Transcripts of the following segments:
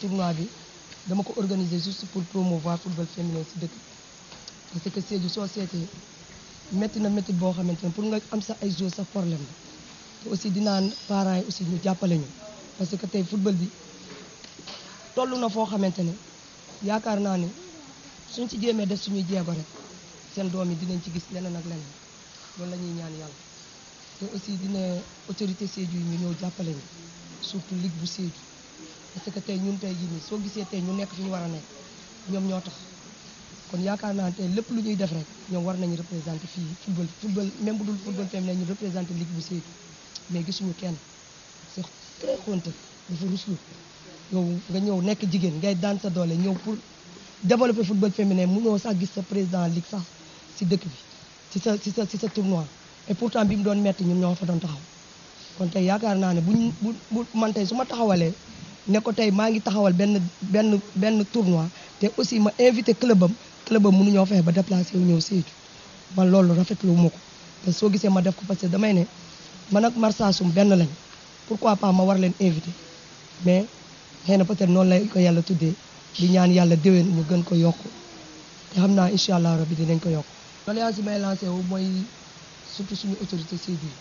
tournoi bi dama ko organiser juste pour promouvoir football féminin si dëkk parce que Sédhiou soo seetee métti na métti boo xamante ne pour nga am sa ay joueurs sax problème la te aussi dinaan parent yi aussi ñu jàppale ñu parce que tey football bi toll na foo xamante ne yaakaar naa ni suñ ci jéemee def suñuy jéego rek seen doom yi dinañ ci gis leneen ak leneen loolu la ñuy ñaan yàlla te aussi dina autorité Sédhiou yi ñu ñëw jàppale ñu surtout ligue bu Sédhiou parce que tey ñun tey jii soo gisee tey ñu nekk fi ñu war a ne ñoom ñoo tax kon yaakaar naa tey lépp lu ñuy def rek ñoom war nañu représenté fii football football même bu dul football féminin ñu représenté ligue bu Sédhiou mais gisuñu kenn c'est très honte yow nga ñëw nekk jigéen ngay daan sa doole ñëw pour développer football féminin mënoo sax gis sa président ligue sax si dëkk bi ci sa ci sa sa tournoi et pourtant bi mu doon metti ñun ñoo fa doon taxaw kon tey yaakaar naa ne buñ bu bu man tey su ma taxawalee ne ko tey maa ngi taxawal benn benn benn tournoi te aussi ma invité club am club am mënuñoo ba déplacé wu ñëw Sédhiou man loolu rafetlu ma ko te soo gisee ma def ko parce damay ne man ak Marsassoum benn lañ pour pourquoi pas ma war leen invité mais xëy na peut-être noonu lay ko yàlla tuddee di ñaan yàlla déwén mu gën ko yokk te xam naa incha allah rabbi dinañ ko yokk. doléance yi may lancé mooy surtout suñu autorité Sédhiou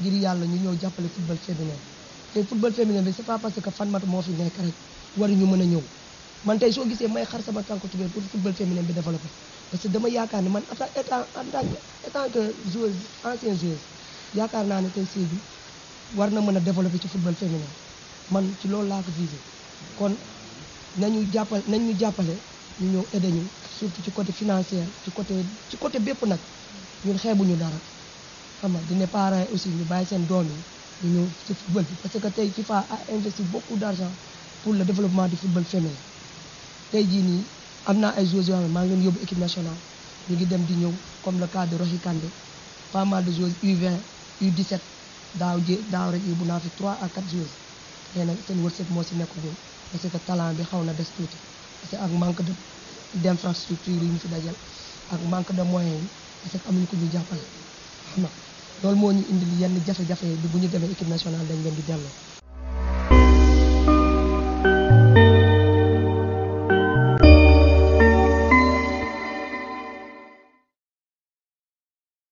ngir yàlla ñu ñëw jàppale football féminin. tey football féminin bi c'est pas parce que Fan Mata moo fi nekk rek waruñu mën a ñëw man tey soo gisee may xar sama tànku tubéen pour football féminin bi développé parce que dama yaakaar ne man en tant en tant que joueuse ancienne joueuse yaakaar naa ne te sëy bi war na mën a développé ci football féminin man ci loolu laa ko visé kon nañu jàppale nañu jàppale ñu ñëw aidé ñu surtout ci côté financier ci côté ci côté bépp nag ñun xeebuñu dara xam nga dina parents aussi ñu bàyyi seen doom yi ñu ñëw ci football bi parce que tey FIFA a investi beaucoup d' argent pour le développement du football féminin tey jii nii am naa ay joueurs yoo xam ne maa ngi leen yóbbu équipe nationale ñu ngi dem di ñëw comme le cas de Roxy Kandé pas mal de joueurs U20 U17 daaw jé daaw rek yóbbu naa fi 3 à 4 joueurs nee na seen wërsëg moo si nekkagum parce que talent bi xaw na des tuuti parce que ak manque de d' infrastructure yi ñu fi dajal ak manque de moyens yi parce ko ñu jàppale xam loolu moo ñu indil yenn jafe-jafe bu ñu demee équipe nationale dañ leen di delloo.